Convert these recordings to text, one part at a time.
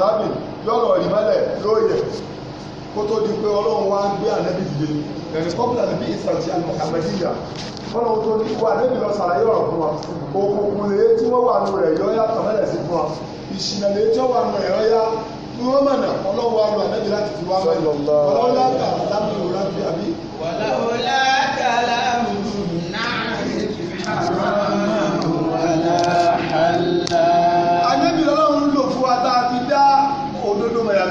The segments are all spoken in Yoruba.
kùránì yọ̀rọ̀ rí mẹ́lẹ̀ lóye kó tó di pé ọlọ́run wá ń gbé ànẹ́bí dìde ẹ̀rí kọ́pìlà níbi ìsàtì àmọ̀kàmẹ́díyà fọ́nà tó ní wà ànẹ́bí lọ sàlàyé ọ̀rọ̀ fún wa òkùnkùn lè tí wọ́n wà nù rẹ̀ yọ́yá tàmẹ́lẹ̀ sí fún wa ìṣìnà lè tí wọ́n wà nù rẹ̀ yọ́yá ní wọ́n mọ̀nà ọlọ́run wà nù ànẹ́bí láti fi wá mẹ́lẹ̀ ọlọ́run látà lábẹ́ òun láti àbí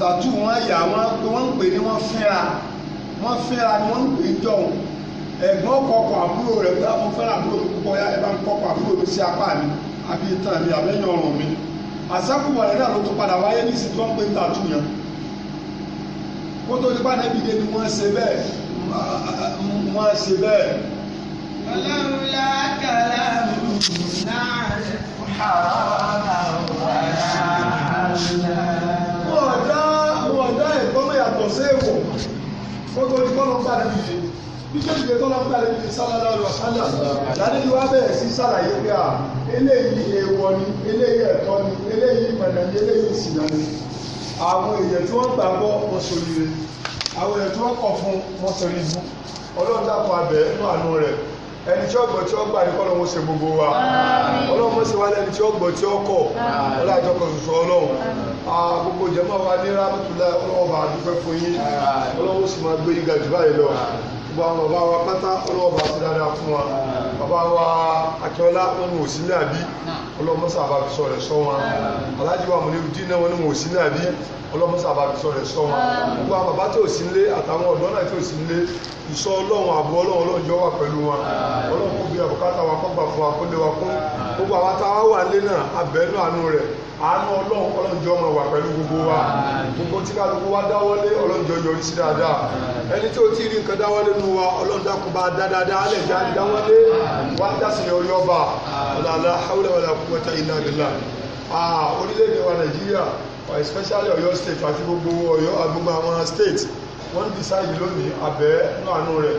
tàtú wọn yà wọn pé wọn ń pè ní wọn fínra wọn fínra ni wọn ń pè é jọ̀hún ẹ̀gbọ́n kọkọ àbúrò rẹ̀ pé àwọn fẹ́ràn àbúrò mi púpọ̀ yá ẹ bá ń kọkọ àbúrò mi sí apá mi àbí ìtàn mi àbẹ́yìn ọrùn mi àsákùwọ̀ rẹ̀ náà ló tún padà wáyé ní ìsìn tí wọ́n ń pè ní tàtú yẹn kó tó nípa níbi ìdè ni wọ́n ṣe bẹ́ẹ̀ wọ́n ṣe bẹ́ẹ̀. ọlọ́runlá kàlá náà ọ̀hárá ọ̀hárá ọ̀hárá àwọn ọjọ́ ẹ̀kọ́ náà yàtọ̀ sí èèwọ̀ ó tó ní kọ́nà gbà lẹ́bi dé bí ìgbé kọ́nà gbà lẹ́bi dé sálálá rẹ̀ sálà lálẹ́ wá bẹ̀rẹ̀ sí sàlàyé pé à eléyìí èèwọ̀ ni eléyìí ẹ̀tọ́ ni eléyìí ìmọ̀nà ni eléyìí ìsìnà ni àwọn èèyàn tí wọ́n gbàgbọ́ wọn sòrire àwọn èèyàn tí wọ́n kọ̀ fún wọn sòrire fún ọlọ́run dàpọ̀ abẹ́ ẹni tí ó gbọ́ tí ó gbà ní kọ́lọ́wọ́ ṣe gbogbo wa ọlọ́run mọ́ sí wa lẹ́ni tí ó gbọ́ tí ó kọ̀ ọlọ́jọ́ kan ṣoṣo ọlọ́run gbogbo ìjẹ́mọ́ wa ní rámùtúlá ọlọ́run bá dúpẹ́ fún yín ọlọ́run sì máa gbé yín báyìí lọ gbogbo àwọn ọba wa pátá ọlọ́ọ̀bá sí dáadáa fún wa bàbá wa akẹ́ọ́lá wọn ni òsì àbí ọlọ́mọ́sà rẹ̀ sọ wọn aláàjì wa mọ̀lẹ́ ojú wọn ni òsì àbí ọlọ́mọ́sà rẹ̀ sọ wọn gbogbo àwọn bàbá sí nílé àtàwọn ọ̀dọ́ náà tí sí nílé ìsọ ọlọ́run àbọ̀ ọlọ́run jọ wà pẹ̀lú wọn ọlọ́run kò gbé àbùkátà wa kọ́gbà fún wa kó lé wa kún gbogbo àwọn táwa wà lé náà abẹ́nú àánú rẹ̀ àánú ọlọ́run ọlọ́njọ́ máa wà pẹ̀lú gbogbo wa gbogbo tí kálukú wa dáwọ́lé ọlọ́njọ́ yọrí sí dáadáa ẹni tí ó ti rí nǹkan dáwọ́lé nu wa ọlọ́njọ́ bá dá dáadáa alẹ́ já dáwọ́lé wá dá sí ní ọyọ́ bá ọ̀làlá hawlẹ̀ wàlà quwwata illa billah orílẹ̀-èdè wa nàìjíríà especially ọ̀yọ́ state àti gbogbo ọ̀yọ́ àgbogbo àwọn state wọ́n decide lónìí abẹ́ náà àánú rẹ̀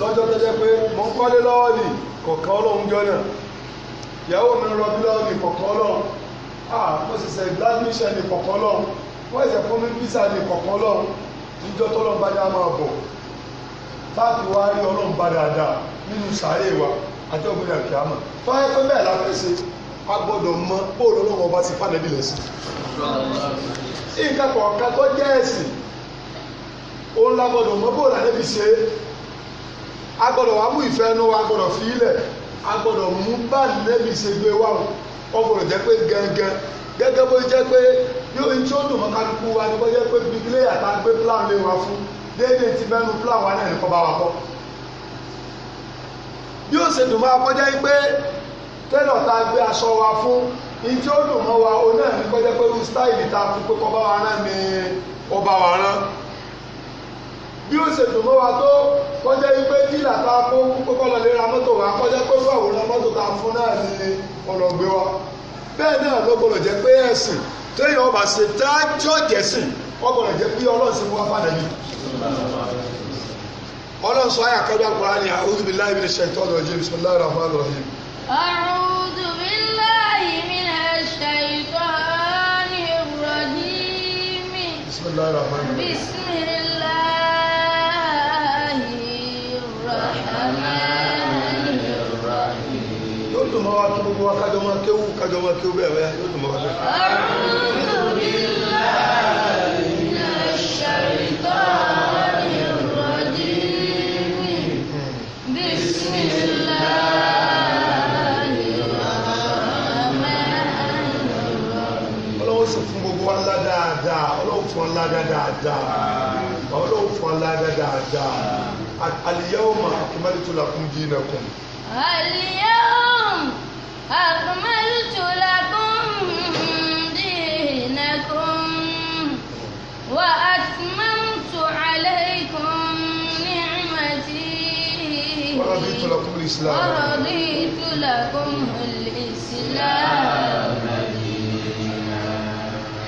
lọ́jọ́ tó jẹ́ pé mo ń kọ́lé lọ́wọ́ nì kọ̀ọ̀kan ọlọ́run jọ́nà ìyàwó mi ń rọbí lọ́wọ́ nì kọ̀ọ̀kan ọlọ́run ah mo sì ṣe graduation nì kọ̀ọ̀kan ọlọ́run wọ́n ṣe fún mi visa nì kọ̀ọ̀kan ọlọ́run níjọ́ tó lọ́n bá dá máa bọ̀ táàbì wá rí ọlọ́run bá dáadáa nínú sàárè wa àti ọ̀gbìn àkíyàmọ̀ fáyẹ́ pé bẹ́ẹ̀ la fẹ́ ṣe a gbọ́dọ̀ mọ bóòlù ọlọ́run ọba ti fànẹ́bí lẹ́sìn nǹkan kọ̀ọ̀kan tó jẹ́ ẹ̀sìn òun la gbọ́dọ̀ mọ bóòlù àlẹ́bí Agbọdọ wa wá mú ìfẹ́ ẹnu wa a fi ilẹ̀ a mú ṣe gbé wa o ọgbọ̀dọ̀ jẹ́ pé gangan gege. bó jẹ́ pé yóò tí ó dùn mọ́ kálukú wa ni bó jẹ́ pé bíríkìlẹ́yà tá a gbé plan lé wa fún déédéé ti mẹ́nu plan wa náà wa yóò ṣe dùn pé a gbé aṣọ wa fún ní tí ó dùn mọ́ wa òun náà pé bí ó ṣètò mọ́ wa tó kọjá wípé dílà tá a kó kókó lọ lè mọ́tò wa kọjá pé fún àwòrán mọ́tò tá a fún náà ní ọ̀nà ògbé wa bẹ́ẹ̀ náà ló gbọ́dọ̀ jẹ́ pé ẹ̀sìn téèyàn ọba ṣe tá a jọ jẹ̀sìn wọ́n jẹ́ pé ọlọ́run ṣe wá fàdà jù ọlọ́run sọ ayé àkọ́jọ́ àkùrá ni a'udhu billahi minash shaitonir rajim bismillahir rahmanir rahim. a'udhu billahi minash shaitonir bismillah. mọ́ wá kí gbogbo wa kájọ máa kéwú kájọ máa kéwú bẹ́ẹ̀ bẹ́ẹ̀ yóò dùn mọ́ wá bẹ́ẹ̀. A'udhu billahi minash shaitanir rajim. Bismillahir rahmanir rahim. Ọlọ́wọ́ sì fún gbogbo wa ńlá dáadáa ọlọ́wọ́ fún wa ńlá dáadáa ọlọ́wọ́ fún wa ńlá dáadáa al-yawma akmaltu lakum dinakum. اليوم أكملت لكم دينكم وأتممت عليكم نعمتي ورضيت لكم الإسلام ورضيت لكم الإسلام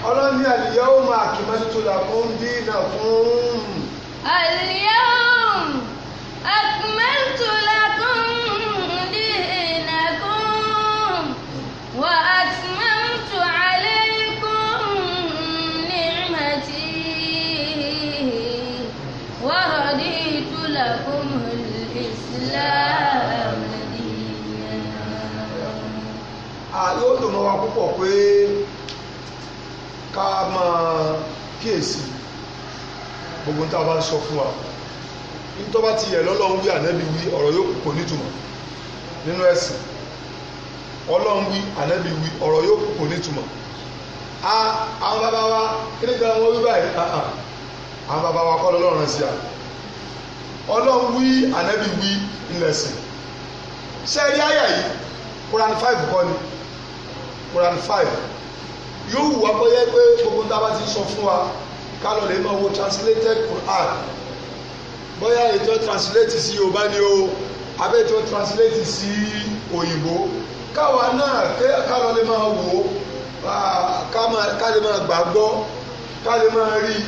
ọlọ́run ní al-yawma akmaltu lakum dinakum. al-yawma akmaltu lakum. yóò dùn mọ́ wa púpọ̀ pé ká máa kíyèsí gbogbo tá a bá ń sọ fún wa nítorí bá ti yẹ lọ́lọ́run wí ànábì wí ọ̀rọ̀ yóò kò nítumọ̀ nínú ẹ̀sìn ọlọ́run wí ànábì wí ọ̀rọ̀ yóò kò nítumọ̀ a àwọn bàbá wa kí ni gbàgbọ́ wí báyìí àwọn bàbá wa kọ́ lọ́lọ́run sí a ọlọ́run wí ànábì wí ńlẹ̀sìn ṣé ẹ̀rí àyà yìí Quran five kọ́ ni. Quran five yóò wù wá bóyá pé gbogbo tá a bá ti sọ fún wa ká lọ lè máa wo translated Quran bóyá ètò translate sí Yorùbá ni o abẹ́tò translate sí òyìnbó káwa náà ká lọ lè máa wò ó ká lè máa gbàgbọ́ ká lè máa rí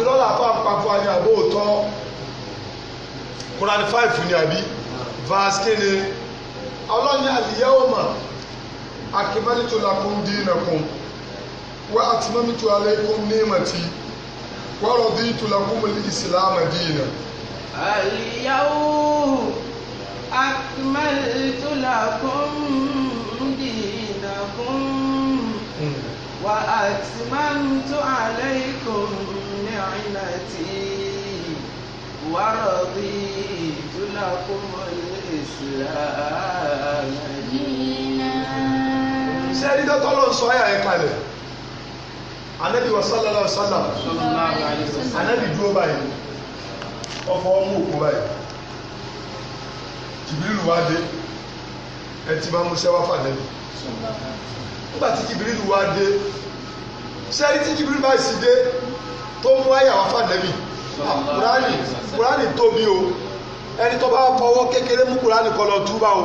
ìlọ́lá pàpàpọ̀ àyà àbó òtọ́ Quran five ni àbí verse kéde ọlọ́ni àlìyáwó mọ̀ akimalitu lakum dinakum wa atmamtu alaykum ni'mati wa raditu lakum al-islam dinan al-yawm akmaltu lakum dinakum hmm. wa atmamtu alaykum ni'mati wa raditu lakum al-islam dinan ṣé ẹni tó tọ́lọ̀ sọ ẹ̀ ẹ̀ kalẹ̀ anabi wa sallallahu alaihi wa sallam anabi dúró báyìí ọfọ ọmú òkú báyìí jìbìrìlù wá dé ẹ ti máa mú sẹ́wá fànẹ́bì nígbà tí jìbìrìlù wá dé sẹ́rí tí jìbìrìlù bá sì dé tó mú àyà wá fànẹ́bì kùránì kùránì tóbi o ẹni tó bá fọwọ́ kékeré mú kùránì kọlọ̀ túbà o.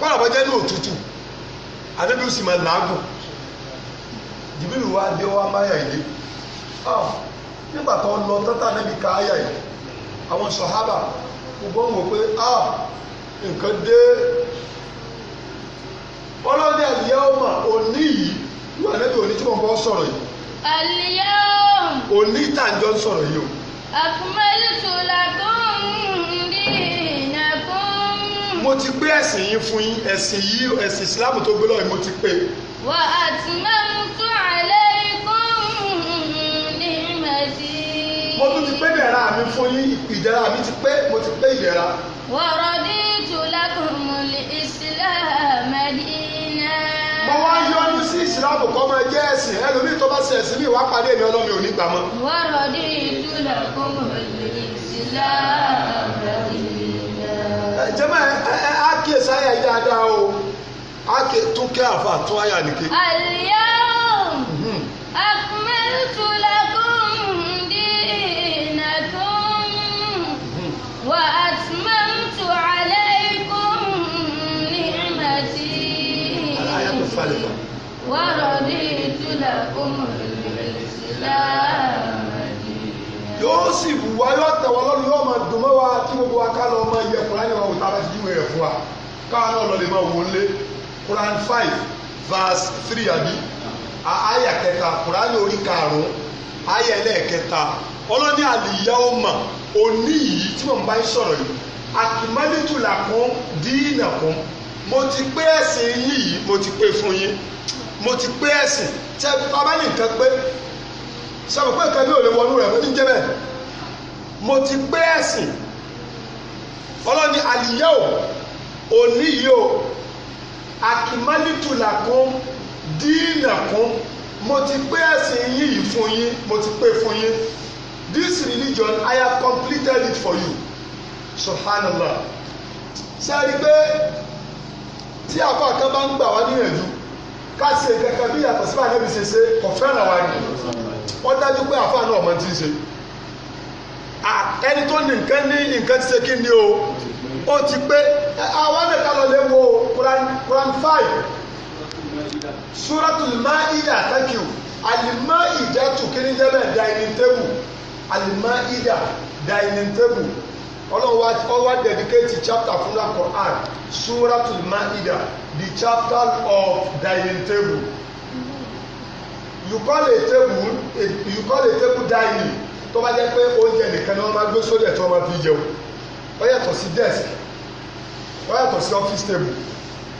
kọ́nà bọ́jẹ́ ní òtútù àdébí ó sì máa làágùn jìbìrì wa dé wá máyà ilé nígbà tó ń lọ tọ́tà níbi káyà yìí àwọn sọ̀hábà gbogbo ń wò pé nǹkan dé ọlọ́dẹ àlìyáwòmà òní yìí wà níbi òní tí wọ́n bọ́ sọ̀rọ̀ yìí. òní tàǹjọ́ sọ̀rọ̀ mo ti pé ẹ̀sìn yín fún yín ẹ̀sìn yìí ẹ̀sìn ìsìláàmù tó gbé lọ́wọ́ mo ti pé. wà á ti máa ń tún àlẹ́ ikún ní mẹ́tì. mo tún ti pé ìdẹ̀ra mi fún yín ìdẹ̀ra mi ti pé mo ti pé ìdẹ̀ra. wọ̀rọ̀ ní ìtùlákùnmùlì ìsìláàmù dínà. mo wá yọnu sí ìsìláàmù kọ́ máa jẹ́ ẹ̀sìn ẹlòmíì tó bá ṣe ẹ̀sìn mi wá pàdé mi ọlọ́mi ò ní gbà mọ́. wọ̀rọ̀ ní ìtùlákùnmùlì ìsìláàmù jẹ́mọ̀ ẹ á kíyè sáyà yìí dáadáa o á kè tún àfa tún àyà nìke. al-yawm mhm. akmaltu lakum dinakum mhm. wa atmamtu alaykum ni'mati. aláyà tó falẹ̀ fún. wa raditu lakum al-islam. yóò sì wù wá yóò tẹ̀wọ́ lọ́nu yóò tí gbogbo wa ká lọ ọmọ iye kúránì wa òtá bá ti júwe fún wa káwọn náà lọ lè máa wò lé Quran five verse three àbí àyà kẹta orí karùn-ún àyà ẹlẹ́ẹ̀kẹta ọlọ́ni àlìyá ọmọ òní yìí tí bá ń sọ̀rọ̀ yìí kún mo ti pé ẹ̀sìn yìí mo sọ̀rọ̀ pé nǹkan mi ò lè wọnú rẹ̀ ló ti ń jẹ́ bẹ́ẹ̀ mo ti pé ẹ̀sìn ọlọ́ni àlìyá ò òní yìí o kún díìnà kún mo ti pé ẹ̀sìn yín yìí fún yín mo ti pé fún yín this religion I have completed it for you subhanallah sẹ́ẹ̀rí pé tí àbá kan bá ń gbà wá níyànjú ká ṣe kankan bí yàtọ̀ sí àyẹ̀bí ṣe ṣe kò fẹ́ràn wa ni ó dájú pé àfa náà ọmọ ti ṣe ẹni tó ní nǹkan ní nǹkan ti ṣe kí ni o ó ti pé àwọn ẹ̀ka lọ lè wo Quran five suratul maida thank you alimaida tù kí ni jẹ́ bẹ́ẹ̀ dining table alimaida dining table ọlọ́run wá wá chapter fún la Quran suratul maida the chapter of dining table you call a table a, you call a table dining tó bá jẹ́ pé oúnjẹ nìkan ni wọ́n máa gbé sórí ẹ̀ tí wọ́n máa fi jẹun wọ́n yàtọ̀ sí desk wọ́n yàtọ̀ sí office table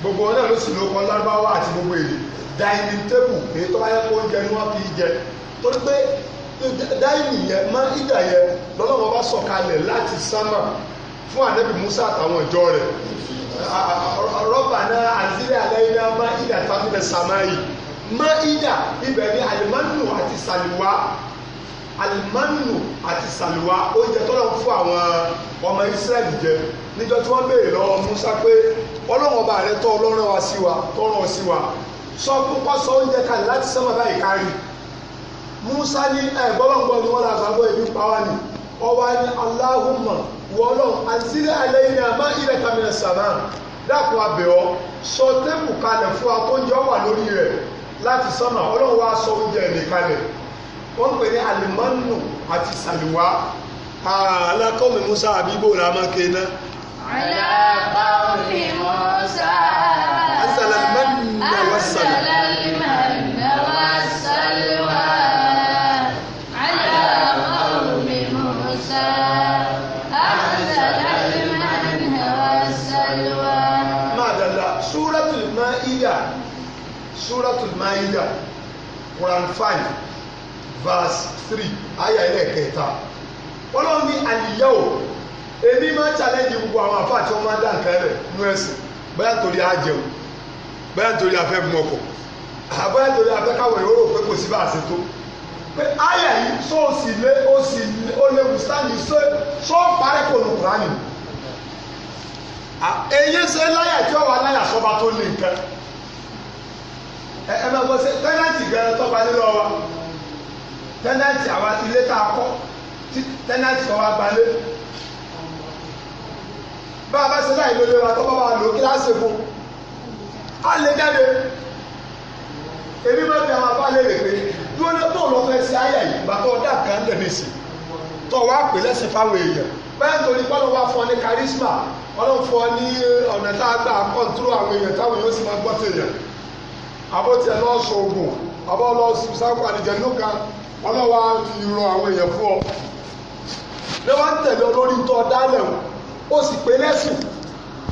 gbogbo wọn náà ló sì lóko lárúbáwá àti gbogbo èdè dining table èyí tó bá jẹ́ pé oúnjẹ ni wọ́n fi jẹ torí pé dáìnì yẹn má ìjà yẹn lọ́lọ́wọ́ bá sọ̀kalẹ̀ láti sánmà fún ànábì Musa àtàwọn ìjọ rẹ̀ rọ́bà náà àti ilé àlẹ́ iná má ìjà tábìlẹ̀ sàmáyì máídà ibẹ̀ ni alimánù àti sàlùwà alimánù àti sàlùwà oúnjẹ tó lọ́n fún àwọn ọmọ Ísírẹ́lì jẹ níjọ́ tí wọ́n béèrè lọ́wọ́ Musa pé ọlọ́run ọba rẹ tọ́ ọlọ́run wa sí wa tọ́ràn sí wa sọ púpọ̀ sọ oúnjẹ kalẹ̀ láti sẹ́mọ̀ báyìí kárì Musa ní ẹ̀ gbọ́lọ́ngbọ́ ni wọ́n lọ àgbàgbọ́ ẹbí pa wá ni ọwọ́ ni Allahumma wọ́lọ́ àtìlẹ́ alẹ́ yìí ni a máa ilẹ̀ kàmínà sàmà dákun abẹ́ ọ sọ tẹ́kù kalẹ̀ fún akóúnjẹ wà lórí rẹ̀ láti sọ́nà ọlọ́run wá sọ oúnjẹ nìkalẹ̀ wọ́n pè ní alimọ́nù àti sàlùwá alákọ̀ọ́mì musa àbíbò làmọ́kè náà. alákọ̀ọ́mì musa. asàlámẹ́nù náà wá sàlùwá. maida quran five verse three aya ẹlẹ́kẹta ọlọ́run ní àlìyáwó èmi máa ń challenge gbogbo àwọn àfáà tí wọ́n máa ń dá nǹkan rẹ̀ nú ẹ̀sìn bóyá nítorí àjẹun bóyá nítorí afẹ́ gun ọkọ̀ àbóyá nítorí afẹ́ káwọn èrò rò pé kò sí bá a ṣe tó pé àyà yìí tó o sì lé o sì o lè wù sáà yìí sọ sọ parẹ́ kò lù kúránì èyí ṣe láyà tí ọ̀wà láyà sọba tó lè nǹkan ẹ máa gbọ́ ṣe tẹ́nàtì gan tọ́pa nílọ wa tẹ́nàtì àwa ti lé tá a kọ́ tẹ́nàtì kan wa gbalẹ̀ bá a bá ṣe láì lóye wa tọ́pọ̀ wa lò kíláàsì fún a lè jáde èmi máa fi àwọn abá lè rè pé dúró ní bọ́ọ̀lù ọ̀fẹ́ sí àyà yìí bàtọ́ ọ̀dà kan lè mí sí tọ́ wa pè lẹ́sìn fáwọn èèyàn báyìí torí bọ́ọ̀lù wa fún ọ ní kárísímà ọlọ́run fún ọ ní ọ̀nà tá a gbà kọ́ńtúrò àwọn èèyàn táwọn yóò sì máa gbọ́ tèèyàn abótiẹ lọ́sọ̀ ogun abọ́ lọ sí sáfù àdìjẹ́nu kan ọlọ́wà fi ran àwọn èèyàn fún ọ. lé wá ń tẹ̀lé olórí tó o ó sì pé lẹ́sìn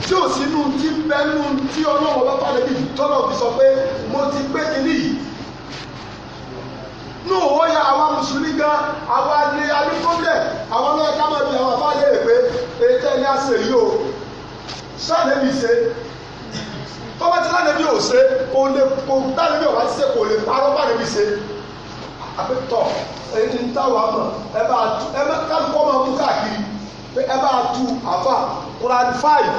tí ò sínú tí bẹ́nu tí ọlọ́wọ́ bá pàdé bí tọ́lọ̀ fi sọ pé mo ti pé kíní yìí. nù ó yá àwa mùsùlùmí gan àwa ni alúkọ́lẹ̀ àwọn ọlọ́yẹ ká máa bí àwọn afáàlẹ́ rẹ̀ pé ètò ẹni se yìí o sáà lẹ́bi ṣe tọ́ba ti lánàá bí òṣè kò lè kò dáná bí ọba ti ṣe kò lè parọ́ bá bí ṣe àpètọ́ ẹni ń táwọn ẹ bá tu ẹ bá kálukọ́ máa mú káàkiri pé ẹ bá tu àfà Quran five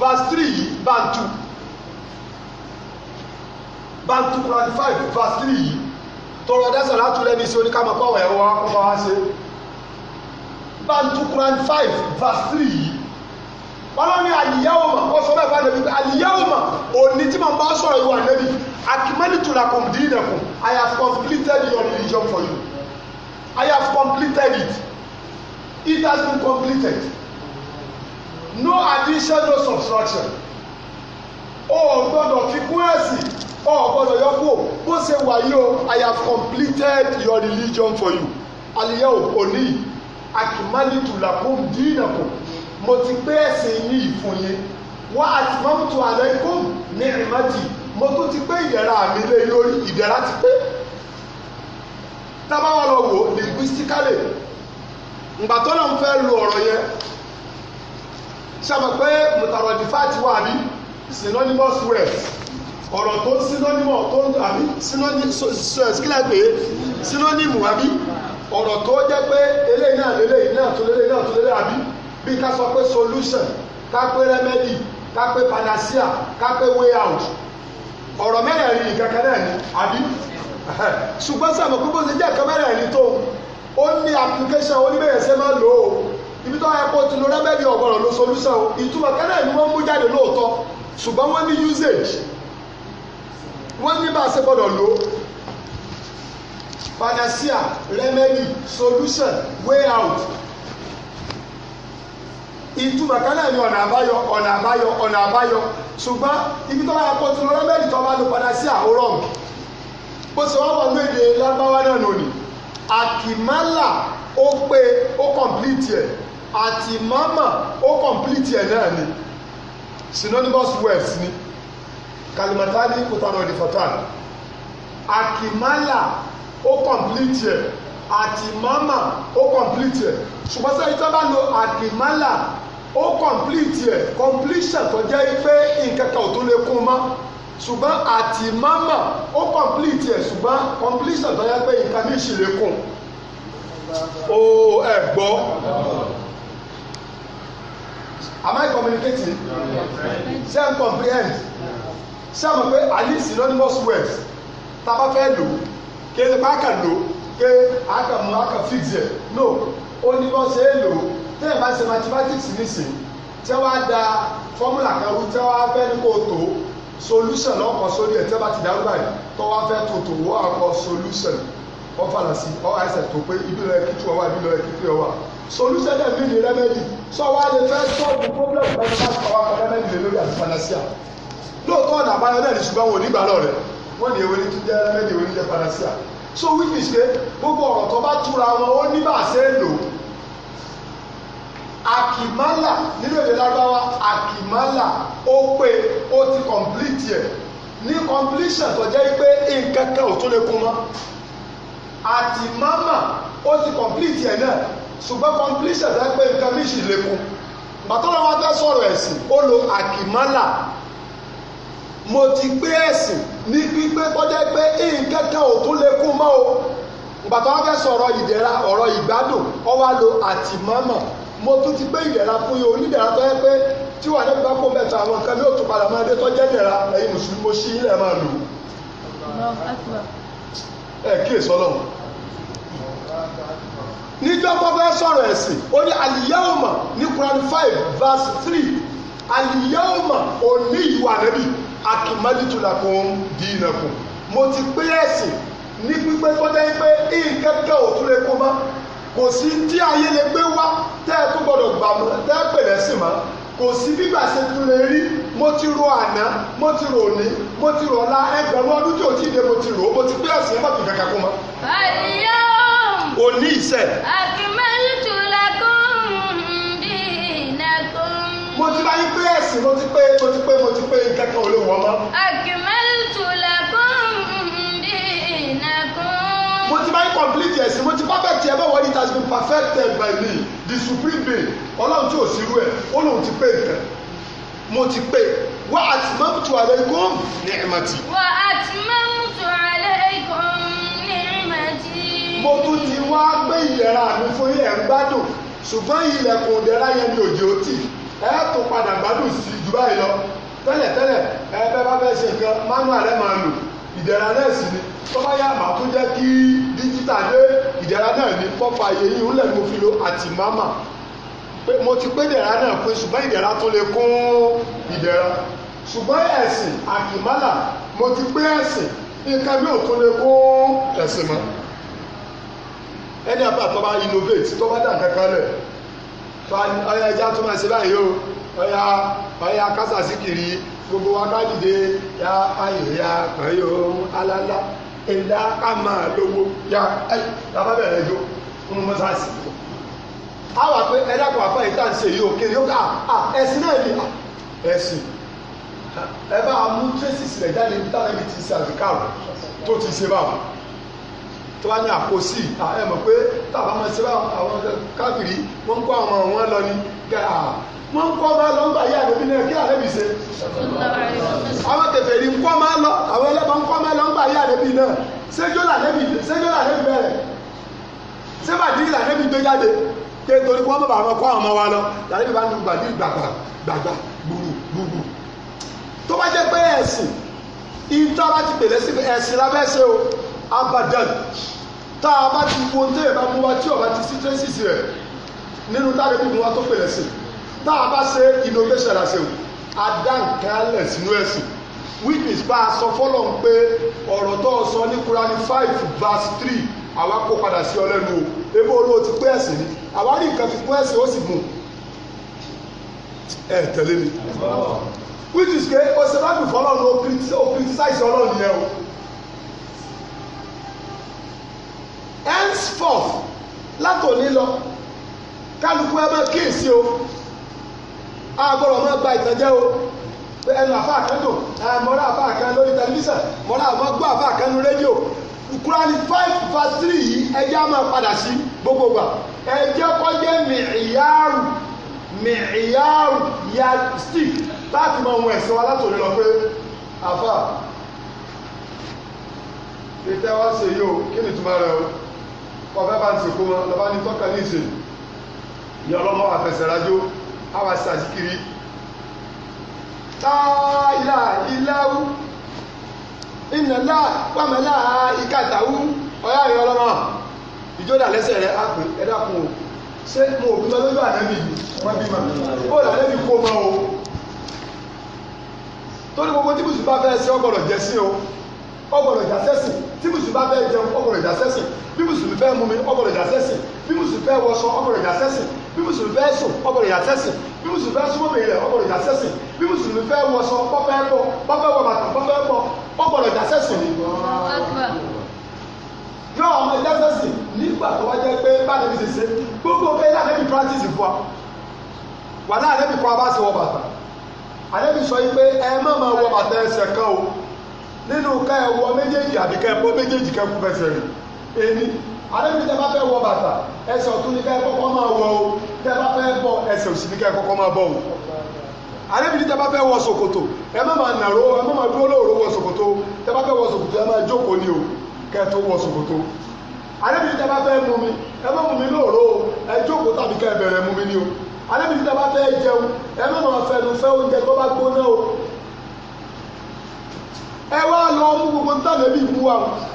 verse three yìí bá tu bá tu Quran five verse three yìí tọrọ dẹ́sẹ̀ látúlẹ̀ ní sí oníkàmọ́ pọ̀ wẹ̀ wá kó bá wá ṣe bá tu Quran five verse three yìí ọlọ́ni àlìyáwòmà wọ́n sọ bẹ́ẹ̀ bá dẹ̀bi òní tí màá bá sọ̀rọ̀ ìwà nẹ́bi akimẹ́lìtù la kùn dín nẹ̀kùn I have completed your religion for you I have completed it it has been completed no addition no subtraction o gbọ́dọ̀ fi kún ẹ̀sìn o gbọ́dọ̀ yọ kó bó ṣe wà yìí o I have completed your religion for you àlìyáwò òní akimẹ́lìtù la kùn dín nẹ̀kùn mo ti gbé ẹ̀sìn yín ìfún yín wá àti mọ́mútu alaykum ní ìrántí mo tún ti gbé ìdẹ̀ra mi lé lórí ìdẹ̀ra ti pé tábà wọn lọ wò linguistically ìgbà tó lọ́n fẹ́ lu ọ̀rọ̀ yẹn sábà pé mutarodifa ti wà ní synonymous rest ọ̀rọ̀ tó synonymous tó àbí sílẹ̀ pé synonymous àbí ọ̀rọ̀ tó jẹ́ pé eléyìí náà lélẹ́yìí náà tó lélẹ́yìí náà tó lélẹ́yìí àbí bí ká sọ pé solution ká pé remedy ká pé panacea ká pé way out ọ̀rọ̀ mẹ́rẹ̀ẹ̀rin nìkan kan náà ni àbí ṣùgbọ́n sàmọ̀ pé bó jẹ́ ẹ̀kan mẹ́rẹ̀ẹ̀rin tó ó ní application oníbẹ̀rẹ̀ ṣe máa lò ó ibi tó yẹ kó ti remedy ọ̀gbọ̀rọ̀ lo solution o ìtumọ̀ kan náà ni wọ́n mú jáde lóòótọ́ ṣùgbọ́n wọ́n ní usage wọ́n ní bá a ṣe gbọ́dọ̀ lò ó panacea remedy solution way out ìtumọ̀ kan náà ni ọ̀nà àbáyọ ọ̀nà àbáyọ ọ̀nà àbáyọ ṣùgbọ́n ibi tó bá yẹ kó tún lọ lọ́mẹ́rì tó bá lò padà sí àhórọ̀ bó ṣe wọ́n wọ́n léde lágbáwá náà nòní àkìmálà ó pé ó kọ̀m̀plìtì ẹ̀ àtìmọ́mà ó kọ̀m̀plìtì ẹ̀ náà ni synonymous words ni kalimatani kutano difatan akimala ó kọ̀m̀plìtì ẹ̀ àtìmọ́mà ó kọ̀m̀plìtì ẹ̀ ṣùgbọ́n sẹ́yìn tó bá lo àkìmálà ó kọ̀m̀plìtì ẹ̀ kọ̀m̀plìṣàn tó jẹ́ pé nǹkan kan ò tún lè kún un mọ́ ṣùgbọ́n àti mama ó kọ̀m̀plìtì ẹ̀ ṣùgbọ́n kọ̀m̀plìṣàn tó jẹ́ pé nǹkan ní ìṣìlẹ̀ kún ó ẹ̀ gbọ́. Am I communicating? ṣé n comprehend? ṣé àmọ̀ pé at least synonymous words tá a bá fẹ́ lò kí ẹni pa á kà lò kí á kà fix ẹ̀ no ó ní bọ́ ṣe é lò tẹ́yìn bá ṣe mathematics nísìnyí tí wọ́n á da fọ́múlà kan wí tí wọ́n á fẹ́ ní kó tó solution lọ́kọ̀ sórí ẹ̀ tí wọ́n bá ti dárúgbà yìí tó wá fẹ́ tòótò wọ́n á kọ solution wọ́n fàlà sí ọ́ àìsàn tó pé ibi lọ́ọ́ kí tí wọ́n wà ibi lọ́ọ́ kí tí wọ́n wà solution dẹ̀ mí ní remedy sọ wá lè fẹ́ sọ́ọ̀bù problem pẹ̀lú láti kọ́ wa remedy lórí àti panacea lóòótọ́ ọ̀nà àbáyọ náà ní ṣùgbọ́n wọn ò ní gbà lọ́rẹ̀ wọ́n ní ewé ní tún jẹ́ remedy ewé ní jẹ́ panacea so which is pé gbogbo ọ̀rọ̀ tó bá túra wọn ó ní bá a ṣe é lò ó àkìmálà nínú èdè lágbáwá àkìmálà ó pé ó ti complete ẹ̀ ní completion tó jẹ́ pé nǹkan kan ò tó lè kún mọ́ àti mama ó ti complete ẹ̀ náà ṣùgbọ́n completion tó jẹ́ pé nǹkan mi sì lè kún bàtọ́lọ́ wa fẹ́ sọ̀rọ̀ ẹ̀sìn ó lo àkìmálà mo ti pé ẹ̀sìn ní pípé tó jẹ́ pé nǹkan kan ò tó lè kún mọ́ o bàtọ́lọ́ fẹ́ sọ̀rọ̀ ìdẹ̀ra ọ̀rọ̀ ìgbádùn ó wá lo àtìmọ́mọ́ mo tún ti gbé ìdẹ̀ra fún yín onídẹ̀ra tó yẹ pé tí wà níbi bá kó mẹ́ta àwọn nǹkan ní òtún padà máa dé tó jẹ́ dẹ̀ra ẹ̀yin mùsùlùmí mo ṣí ilẹ̀ máa lò ẹ̀ kíyèsí ọlọ́run níjọ́ tó fẹ́ sọ̀rọ̀ ẹ̀sìn ó ní àlìyáwòmọ̀ ní Quran five verse three àlìyáwòmọ̀ òní ìwà nẹ́bí akímálítùlákùn dínàkùn mo ti pé ẹ̀sìn ní pípé tó dẹ́ pé nǹkan kan ò tún lè kó mọ́ kò sí tí ayé lè gbé wá tẹ́ ẹ tó gbọ́dọ̀ gbà mọ́ tẹ́ ẹ pè lẹ́sìn mọ́ kò sí bígbà ṣe tún lè rí mo ti ro àná mo ti ro òní mo ti ro ọ̀la ẹgbẹ̀rún ọdún tí ò tí dé mo ti rò ó mo ti pé ọ̀sìn ẹ̀ má kankan kú mọ́. àyà òní ìṣe. àkìmẹ́lùtù làkùn bí ìnàkùn. mo ti bá pé ẹ̀sìn mo ti pé mo ti pé mo ti pé nǹkan kan ò lè wọ́n mọ́. àkìmẹ́ complete ẹ̀sìn mo ti perfect ẹ̀ bẹ́ẹ̀ wọ́n it has been perfected by me the supreme being ọlọ́run tí ò sí irú ẹ̀ ó lóun ti pé nǹkan mo ti pé wá àtìmọ́tò alaykum ní ẹ̀mọ́tì. wá àtìmọ́tò alaykum ní ẹ̀mọ́tì. mo tún ti wá gbé ìlera mi fún yín ẹ̀ ń gbádùn ṣùgbọ́n ilẹ̀kùn ìdẹ̀ra yẹn ni òjò tì ẹ̀ tún padà gbádùn sí ju báyìí lọ tẹ́lẹ̀tẹ́lẹ̀ ẹ bẹ́ẹ̀ bá fẹ́ ṣe nǹkan mánú àrẹ máa lò ìdẹ̀ra náà sì ni tọ́ba yá àmà tó jẹ́ kí díjítà dé ìdẹ̀ra náà ni pọ́pà yẹ̀yìn ńlẹ̀ ni mo fi lo àtìmámà pé mo ti pé ìdẹ̀ra náà pé ṣùgbọ́n ìdẹ̀ra tó lè kún ìdẹ̀ra ṣùgbọ́n ẹ̀sìn àkìmálà mo ti pé ẹ̀sìn nǹkan bí òtún lè kún ẹ̀sìn mọ́ ẹni àbá tó bá innovate tó bá dà kankan lẹ̀ ọ̀yà ẹja tó máa ṣe báyìí o ọ̀yà ọ̀yà kásásíkiri gbogbo wa bá dìde ya ayò ya pẹ̀lú alálá ẹ̀dá ká máa lówó ya ayò bàbá bẹ̀rẹ̀ jó ń mú sáàsì. a wà pé ẹ̀dá kan àfọ ìta ń ṣe yìí òkè yóò ah ẹ̀sìn náà ni ẹ̀sìn ẹ bá a mú tracy sílẹ̀ jáde níta lẹ́bi ti ṣe àdìkàrò tó ti ṣe báwọn tó bá ní àkóso ẹ mọ̀ pé tàbá máa ṣe báwọn àwọn káfìrí wọ́n ń kó àwọn ọ̀wọ́n lọ ní gẹ́gẹ́ wọ́n ń kọ́ máa lọ nígbà yá àdébí náà kí àdébí ṣe. àwọn kèfèrí ń kọ́ máa lọ àwọn ẹlẹ́bọn ń kọ́ máa lọ nígbà yá àdébí náà ṣéjọ́ làdébí bẹ̀rẹ̀ ṣé bàdìrì làdébí gbé jáde pé torí wọ́n bàbá àwọn kọ́ àwọn ọmọ wa lọ làdébí bá ń lu bàdìrì gbàgbà gbàgbà gbùrù gbùrù. tó bá jẹ́ pé ẹ̀sìn ìta bá ti pèlè sí ẹ̀sìn lábẹ́ ṣe o abadan tá a bá ti wo tẹ́lẹ̀ bá mú wa tí ọba ti sí tẹ́sísì rẹ̀ nínú tá a lè bí mu wa tó pèlè sí tá a bá ṣe innovation la ṣe o a dá nǹkan alẹ̀ sínú ẹ̀sìn which is bá a sọ fọlọ́ ń pé ọ̀rọ̀ tó o sọ ní Kúránì five verse three àwa kó padà sí ọ lẹ́nu o ebi olówó ti pé ẹ̀sìn ni àwa rí nǹkan fi pé ẹ̀sìn ó sì gùn ẹ̀ tẹ̀lé mi which is pé o ṣe bá gbìfọ́ ọlọ́run o criticize ọlọ́run yẹn o henceforth látòní lọ kálukú ẹ máa kíyèsí o agbọ́dọ̀ máa gba ìtànjẹ́ o ẹnu àfa àkàndùn mọ́ra àfa àkàndùn lórí tẹlifíṣàn mọ́ra àwọn gbọ́ àfa àkàndùn rédíò kúránì five verse three yìí ẹjẹ́ á máa padà sí gbogbogbà ẹjẹ́ kọjá mìíyáàrù mìíyáàrù ya stick láti mọ ohun ẹ̀sìn wa látòrí lọ pé àfa ètò wa ṣe yìí o kí ni ìtumọ̀ rẹ o ọ̀fẹ́ bá ń sèkó wọn lọ́ba ní tọ́ka ní ìsìn ìyá ọlọ́mọ àfẹsẹ̀rájó àwa ṣàṣìkiri táàlà ìlàwú ìnàlá wàmẹ́lá ìkàtàwú ọ̀yá rẹ̀ ọlọ́mọ ìjọdà lẹ́sẹ̀ rẹ̀ àpè ẹ̀dàkùn o ṣé mo ò bímọ lójú ànábì wọn bímọ ó lànàbì kó mọ o torí gbogbo tí bùsùn bá fẹ́ ṣe ọgbọ̀rọ̀ jẹ́ sí o ọgbọ̀dọ̀ jàsẹ́sìn tí mùsùlùmí bá fẹ́ jẹun ọgbọ̀dọ̀ jàsẹ́sìn bí mùsùlùmí fẹ́ mumi ọgbọ̀dọ̀ jàsẹ́sìn bí mùsùlùmí fẹ́ wọṣọ ọgbọ̀dọ̀ jàsẹ́sìn bí mùsùlùmí fẹ́ sùn ọgbọ̀dọ̀ jàsẹ́sìn bí mùsùlùmí fẹ́ súnmọ́ mi rẹ̀ ọgbọ̀dọ̀ jàsẹ́sìn bí mùsùlùmí fẹ́ wọṣọ pọ́fẹ́ pọ̀ pọ́fẹ́ wọ bàtà pọ́fẹ́ pọ̀ ọgbọ̀dọ̀ jàsẹ́sìn ni. yọ ọmọ jàsẹ́sìn nígbà tó wá jẹ́ pé bá lẹ́bi ṣèṣe gbogbo pé lẹ́bi practice fún wa wà láàrin mi kọ́ abá sí wọ bàtà àlẹ́bi sọ yìí pé ẹ má máa wọ bàtà ẹsẹ̀ kan o nínú ká ẹ méjèèjì àbí ká ẹ ka méjèèjì kẹ́kù fẹsẹ̀ rìn ẹni alẹ́bí tẹ́ bá fẹ́ wọ bàtà ẹsẹ̀ ọ̀tún ní ká ẹ kọ́kọ́ máa wọ o tẹ́ fẹ́ bọ ẹsẹ̀ òsì ní ká ẹ kọ́kọ́ máa bọ̀ o alẹ́bí tẹ́ bá fẹ́ wọ ṣòkòtò ẹ má máa nàró ẹ má máa dúró lóòró wọ o o ẹ wá lọ mú gbogbo níta lẹ́bí mú wa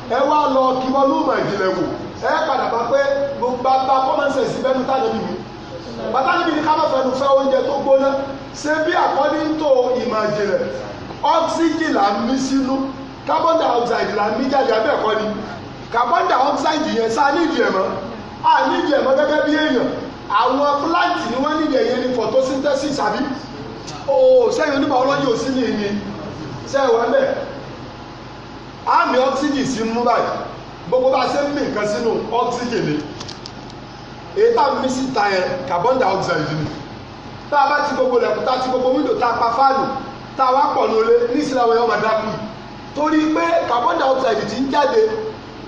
ẹ wá lọ kí wọn ló mọ̀ ìjìnlẹ̀ wò ẹ padà bá pé gbogbo àgbà kọ́mọ̀nsẹ̀ sí bẹ́ẹ̀ níta lẹ́bí mi bàtà níbi ní fẹ́ oúnjẹ tó gbóná bí tó ìmọ̀ ìjìnlẹ̀ ọ́ksíjì là ń mí sínú carbon dioxide là ń mí jáde ni carbon dioxide yẹn sá nídìí ni wọ́n nídìí ẹ̀yẹ photosynthesis àbí o sẹ́yìn onímọ̀ àmì oxygen sí mú báyìí gbogbo bá a ṣe ń mí nǹkan sínú oxygen ni èyí tá a mí síta yẹn carbon dioxide ni tá a bá ti gbogbo lẹ̀kùn tá a ti gbogbo wíńdò tá a pa fáànù tá a wá pọ̀ ní olé ní ìsìláwọ̀ yẹn wọ́n máa dákú torí pé carbon dioxide ti ń jáde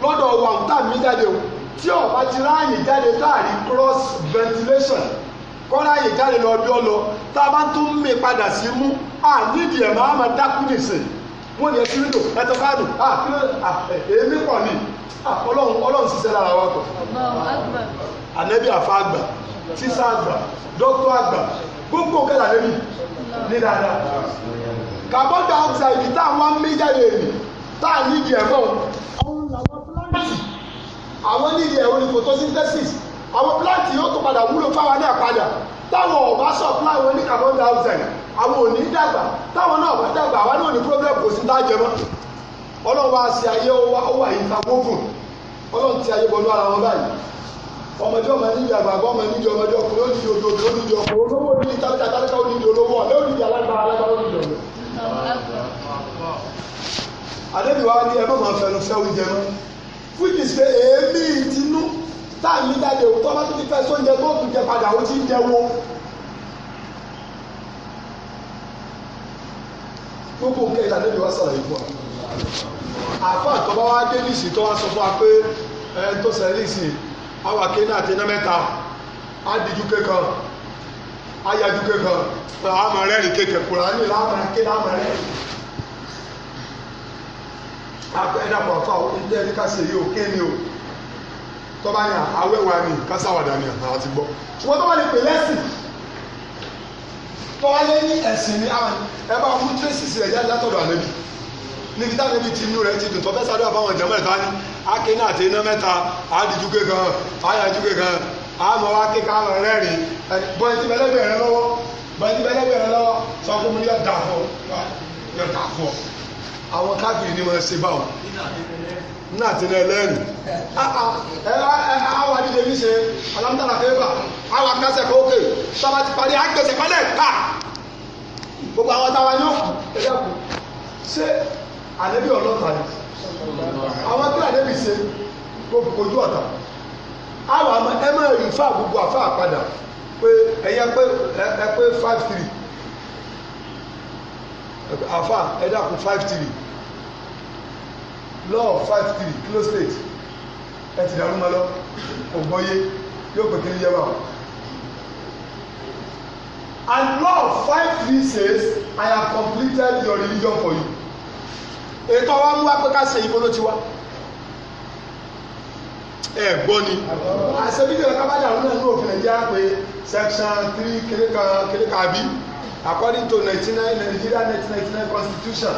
lọ́dọ̀ jáde o tí ti ráàyè jáde cross ventilation kọ́ra àyè jáde lọ lọ tá a bá tún mí padà sí mú à ẹ̀ máa máa dákú nìsín wọ́n ní ẹtí rìndò ẹtọ káàdù ah, ah, eh, èmi pọ̀ ni ah, ọlọ́run ọlọ́run ṣiṣẹ́ lára wa pọ̀ ànẹ́bí àfa àgbà sísá àgbà dókítà àgbà gbogbo kẹlẹ àlẹ́bí ní dáadáa carbon dioxide tá a wá ń mí jáde èmi tá a nídìí ẹ̀fọ́ ọ̀hún làwọn plant àwọn nídìí ẹ̀wọ̀n ní photosynthesis àwọn plant yóò tó padà wúlò fáwọn ní àpadà táwọn ọ̀bá supply wọn ní carbon dioxide. àwọn ò dàgbà táwọn náà bá dàgbà àwa náà ní problem kò sí dájẹ mọ́ ọlọ́run bá ayé wa ó wà yíta gbógun ti ayé ara wọn ọmọdé ọmọ níbi ọmọ níbi ọmọdé ọkùnrin ó ọkùnrin olówó ó alágbára alágbára ó wa ni ẹ gbogbo nǹkan ìlànà ìbí wa sàlàyé fún wa àfa àtọ́ba wa dé nísì tó wá sọ fún wa pé ẹ tó sẹ́yìn nísì àwọn akéwìn àti iná mẹ́ta á dijú kékan á yájú kékan àmọ̀ rẹ́rìn kékan Kùránì láàmọ̀ akéwìn àmọ̀ rẹ́rìn ẹ̀dàpọ̀ àfa ìjẹ́ ẹni ká ṣe yìí ò ké ni o tọ́ba yẹn àwẹ̀wà ni kásáwàdà ni àti gbọ́ ṣùgbọ́n tọ́ba lè pè lẹ́sìn. tọ́lé ní ẹ̀sìn ní àwọn ẹ bá mú tírésìsì rẹ̀ jáde látọ̀dọ̀ ànábì táwọn ti inú rẹ̀ ti dùn tó fẹ́ sáré àbáwọn ìjọ mẹ́ta ní akéná àti iná mẹ́ta àdìjú ké gan àyàjú ké gan àmọ́ wa ké káwọn rẹ́rìn bọ́n ti bẹ́lẹ́bẹ̀ ti mi àwọn káfíìn ni ṣe ah, ah, ṣe àwọn akásẹ̀ kó kè sábà ti parí àgbẹ̀sẹ̀ mọ́lẹ̀ ká gbogbo àwọn táwa yóò kù ẹ̀dá kù ṣé àlébí ọlọ́ta ni àwọn tí àlébí ṣe gbogbo ojú ọ̀tá àwọn àmọ́ ẹ máa rí fáà gbogbo àfáà àpadà pé ẹ̀yẹ pé ẹ pé five three àfáà ẹ dákun five three law five three close state ẹ ti dàrú ma lọ kò gbọ́ yé yóò pè kí ni yẹ báwọn. And law five three says, I have completed your religion for you. Ètò wa mú wa pé ká ṣe ìbọn ló ti wá. Ẹ gbọ́ ni. Àṣebíjì ọ̀gá bá dàrú náà ní òfin Nàìjíríà pé section three kìlíkan kìlíkan àbí according to Nigeria nineteen ninety nine constitution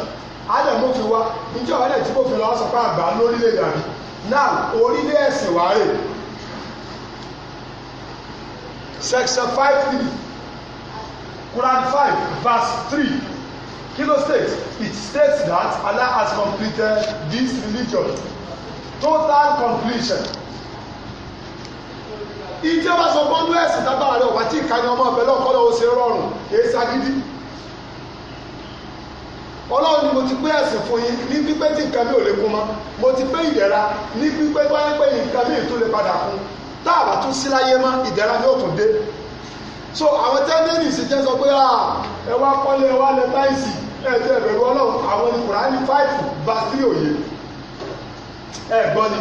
Ádámòfin wa níjọ́ ọ̀rẹ́ tí kò fi lọ́wọ́ sọ pé àgbà lórílẹ̀-èdè Now orílẹ̀ ẹ̀sìn wàá rè. Section five three. Quran 5, verse 3, kilo states it states that Allah has completed this religion total completion ìjẹ́ wa sọ fọ́nú ẹ̀sìn tábàrà rẹ̀ ọ̀bá tí ìkànnì ọmọ ọ̀bẹ náà kọ́ lọ́wọ́ ṣe rọrùn kìí ṣagídí ọlọ́run ni mo ti pé ẹ̀sìn fún yín ní pípé tí nǹkan mi ò lè kún mọ́ mo ti pé ìdẹ̀ra ní pípé tó pé nǹkan mi ò tún lè padà kún tá tún sí láyé mọ́ ìdẹ̀ra ni ó tún dé so àwọn tẹ́lẹ̀rì sì jẹ́ sọ pé ah, ẹ wá kọ́lé ẹ wá lẹ táìsì ẹ jẹ́ ìbẹ̀rù ọlọ́run àwọn ní kùránì five verse three òye ẹ gbọ́ ni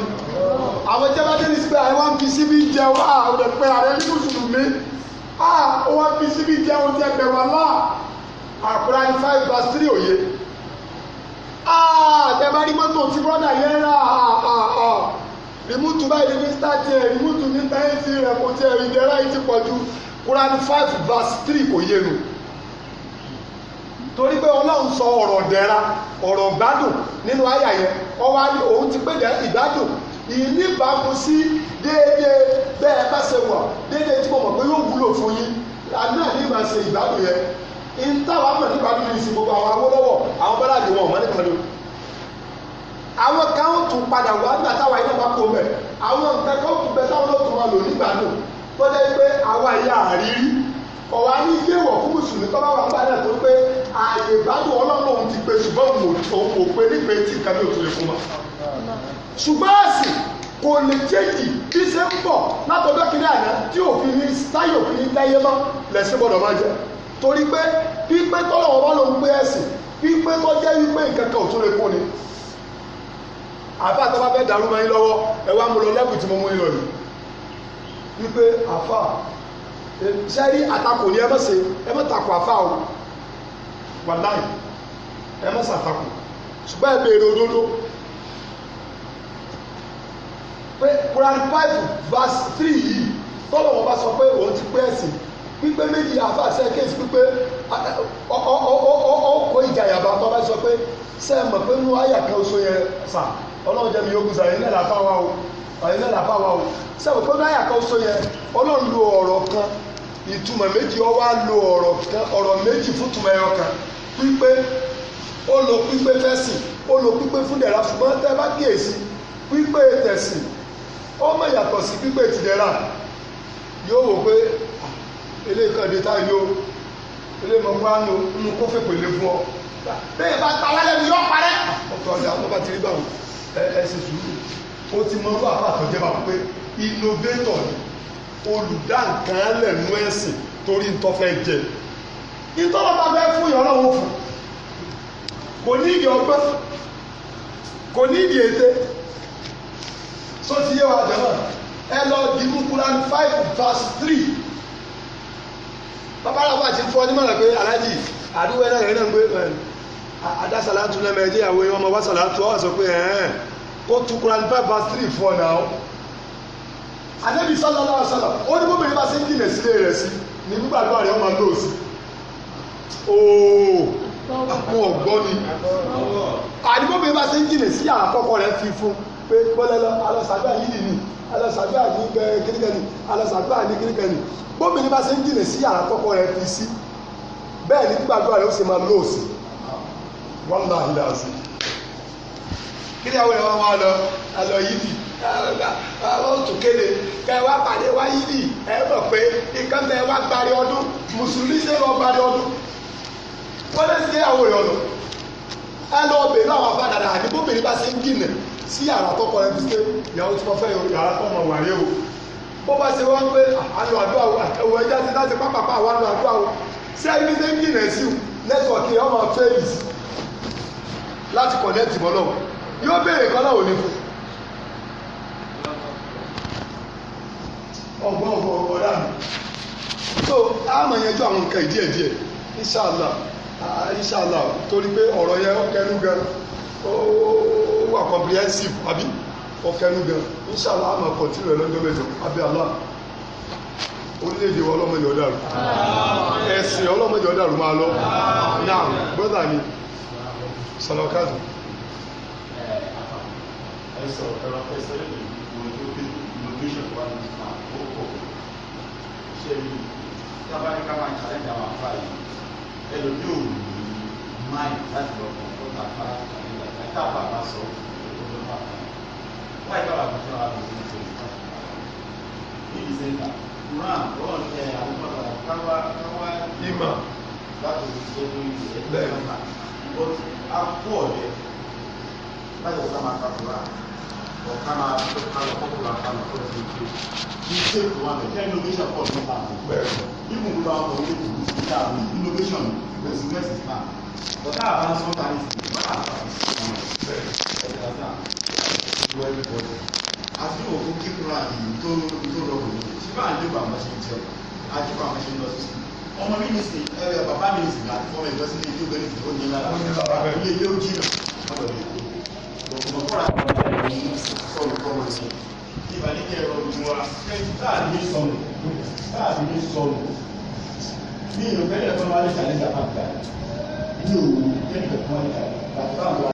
àwọn tẹ́lẹ̀rì sì pé ah, ẹ wá ń fi síbí jẹun àwọn ẹ̀pẹ́ ààrẹ ní mùsùlùmí ah, ó wá ń fi síbí jẹun ti ẹgbẹ̀rù ọlá àkùránì five verse three òye tẹ́lẹ̀ rí mọ́tò tí brọ́dà yẹn rà rìmútu báyìí e, ní mr tiẹ̀ rìmútu ní táyẹ̀tì rẹ̀ kò tiẹ̀ ìdẹ́rẹ́ yìí ti pọ̀ ju. Quran 5 verse 3 kò yé nu torí pé ọlọ́run sọ ọ̀rọ̀ dẹ́ra ọ̀rọ̀ gbádùn nínú àyà yẹn ọwọ́ ni òun ti pè dẹ́ ìgbádùn ìníbàámu sí déédéé bẹ́ẹ̀ bá ṣe wà déédéé tí mo mọ̀ pé yóò wúlò fún yín àná ní ìmọ̀ ṣe ìgbádùn yẹn ìntàwọn àmọ̀ nípa bí mi sì gbogbo àwọn awólọ́wọ̀ àwọn bọ́lá àdé wọn ò mọ́ nípa lónìí àwọn kan tún padà wá nígbà táwọn iná bá kó bẹ̀ àwọn nǹkan kan kú bẹ táwọn ló tún wọn lò nígbà tó jẹ́ pé àwa ìyá àrírí ọ̀wá ní ilé ìwọ̀ fún mùsùlùmí tó bá wà ń bàdàn tó pé ààyè ìbádùn ọlọ́run òun ti pe ṣùgbọ́n òun ò pe nípe tí nǹkan bí òtún lè fún wa. ṣùgbọ́n àsìn kò lè jẹ́jì bí ṣe ń bọ̀ látọjọ́ kiri àná tí òfin ní táyé òfin ní dáyé mọ́ lẹ́sìn gbọ́dọ̀ máa jẹ torí pé pípé tọ́lọ̀ wọn bá ló pé ẹ̀sìn pípé tó jẹ́ wípé nǹkan kan òtún lè fún ni àbá tó bá fẹ́ dàrú mọ́ yín lọ́wọ́ ẹ wá mú lọ lẹ́bùn tí mo mú yín lọ yìí wípé àfa sẹ́rí àtakò ni ẹ má ṣe ẹ má takò àfa o wàláì ẹ má ṣàtakò ṣùgbọ́n ẹ béèrè òdodo pé Quran 5, verse three yìí tọ́lọ̀ wọn bá sọ pé òun ti pé ẹ̀sìn pípé méjì àfa ṣe kéèsì pípé ọkọ̀ ìjàyàbá tó bá sọ pé sẹ́ẹ̀ mọ̀ pé nínú àyà kan oṣù yẹn sà ọlọ́run jẹ́ mi yókù sàyẹn nílẹ̀ láfáwá o. ọ̀rẹ́ náà làbá wa o sẹ́wọ̀n pé náà yàtọ̀ sọ yẹn ọlọ́run lo ọ̀rọ̀ kan ìtumọ̀ méjì ọ wá lo ọ̀rọ̀ kan ọ̀rọ̀ méjì fún ìtumọ̀ ẹyọ kan pípé ó lo pípé fẹ́sì ó lo pípé fún dẹ̀ra ṣùgbọ́n tẹ́ bá kíyèsí pípé ó mọ̀ yàtọ̀ sí pípé yóò wò pé eléyìí kan táyé o eléyìí mọ̀ kó ọ bẹ́ẹ̀ bá ta wálé mi yọ parẹ́ ọ̀tọ̀ ó ti mọ irú àbá àtọ́jẹ́ bá pé innovator ni olùdáǹkanlẹ̀ nú ẹ̀sìn torí ntọ́ fẹ́ jẹ ìtọ́lọ́ bá fẹ́ fún ìyọ́nà wọn fún kò ní ìdí ọgbẹ́ kò ní ìdí ète só ti yé wa jẹ̀mọ́ ẹ lọ di Quran five verse three babaláwo àti fún ọdún mọ̀ràn pé aláàjì àdúgbò ẹ̀ náà rẹ̀ náà ń gbé adásàlátù náà mẹ́ẹ̀ẹ́dẹ́yàwó ọmọ wàsàlátù ọ̀ sọ pé ẹ̀ẹ́ ó tu Quran five verse three fún ọ náà anabi sallallahu alaihi wasallam ó ní bóbi bá ṣe ń jìnà sílé rẹ̀ sí ní gbígbàdúrà rẹ̀ ó máa lóòsì ooo àwọn ọ̀gbọ́n ni àdìbòbí bá ṣe ń jìnà sí àkọ́kọ́ rẹ̀ fi fún pé bọ́lẹ́lọ́ alọ́sàgbà yìí nìyí alọ́sàgbà ní kíríkẹ́ni alọ́sàgbà ní kíríkẹ́ni bóbi bá ṣe ń jìnà sí àkọ́kọ́ rẹ̀ fi sí bẹ́ẹ̀ ni gbígbàdúrà rẹ̀ ó sì máa lóòsì wọ́n náà hìlà sí i kí ni àwọn èèyàn wọn lọ alọ yìí àwọn tó kéde kẹ wá pàdé wá yìí ẹ mọ̀ pé nǹkan tẹ wá gbari ọdún mùsùlùmí ṣe lọ gbari ọdún wọ́n lè ṣe àwọn èèyàn lọ ẹ lọ náà wà fàdàdà àbí bóbìnrin bá ṣe ń jìnà sí yàrá tọkọ rẹ fi ṣe ìyàwó tí mo yàrá tó mọ̀ wàrí o bó bá ṣe wọ́n pé àlọ́ àdúrà ẹ̀wọ̀ ẹja ti láti pápápá àwọn àlọ́ àdúrà o ṣé ibi ṣe ń jìnà sí o nẹ́tíwọ̀kì ọmọ fẹ́ẹ̀lì láti kọ̀nẹ́ẹ̀tì mọ́ náà yóò béèrè kan náà ò ní fún ọgbọ́n ọgbọ́n ọgbọ́n dànù so a máa yanjú àwọn nǹkan díẹ̀ díẹ̀ inṣàlá inṣàlá torí pé ọ̀rọ̀ yẹn ó kẹnu gan ó wà comprehensive àbí ó kẹnu gan inṣàlá a máa kọ̀tí rẹ̀ lọ́jọ́ mẹ́jọ abẹ́ àlá orílẹ̀-èdè wa ọlọ́mọdé ọ̀dàrú ẹ̀sìn ọlọ́mọdé ọ̀dàrú máa lọ náà brother mi sọlọ́kàdùn ẹ sọ̀rọ̀ tọ́lá fẹ́ sọ́lẹ̀ lè ní ìwọ̀n tó bí innovation wà ní ìfà ó pọ̀ ṣe ní tábà ní ká máa challenge àwọn afá yìí ẹlòmí ò ní mind láti lọ kàn fún àfá challenge àfá tá a bá bá sọ ètò tó bá fà wá ìgbà wà fún àwọn àgbẹ̀ tó ń sọ ní ìsẹ́ńtà ran wọn ẹ àwọn ọ̀rọ̀ káwá káwá nímọ̀ láti ṣe lórí ẹgbẹ́ ọ̀nà but a pọ̀ Hata kama kafura or kama kama popular kama policy tree. The same to one day. Innovation for me now. Even without community, innovation is next is now. But that advance sometimes is not as fast as you everybody. As you will keep running, you don't you don't know. She go and do her machine job. I do her machine job. ọmọ mi ní sè é bàbá mi ní sè é àti fọmọ ìjọsìn ní ìdí ògbẹ́ni ìdí ògbẹ́ni lára ilé yóò jìnnà ọ̀dọ̀ mi ṣùgbọ́n fúnra àwọn ọ̀gá ìlú sọ̀rọ̀ kọ́mọ̀ sí ìbàdíkẹ́ ẹ̀rọ ìwà ní ìlú pẹ́lẹ̀ tó wá ní ṣàlẹ́ ìjàpá gbà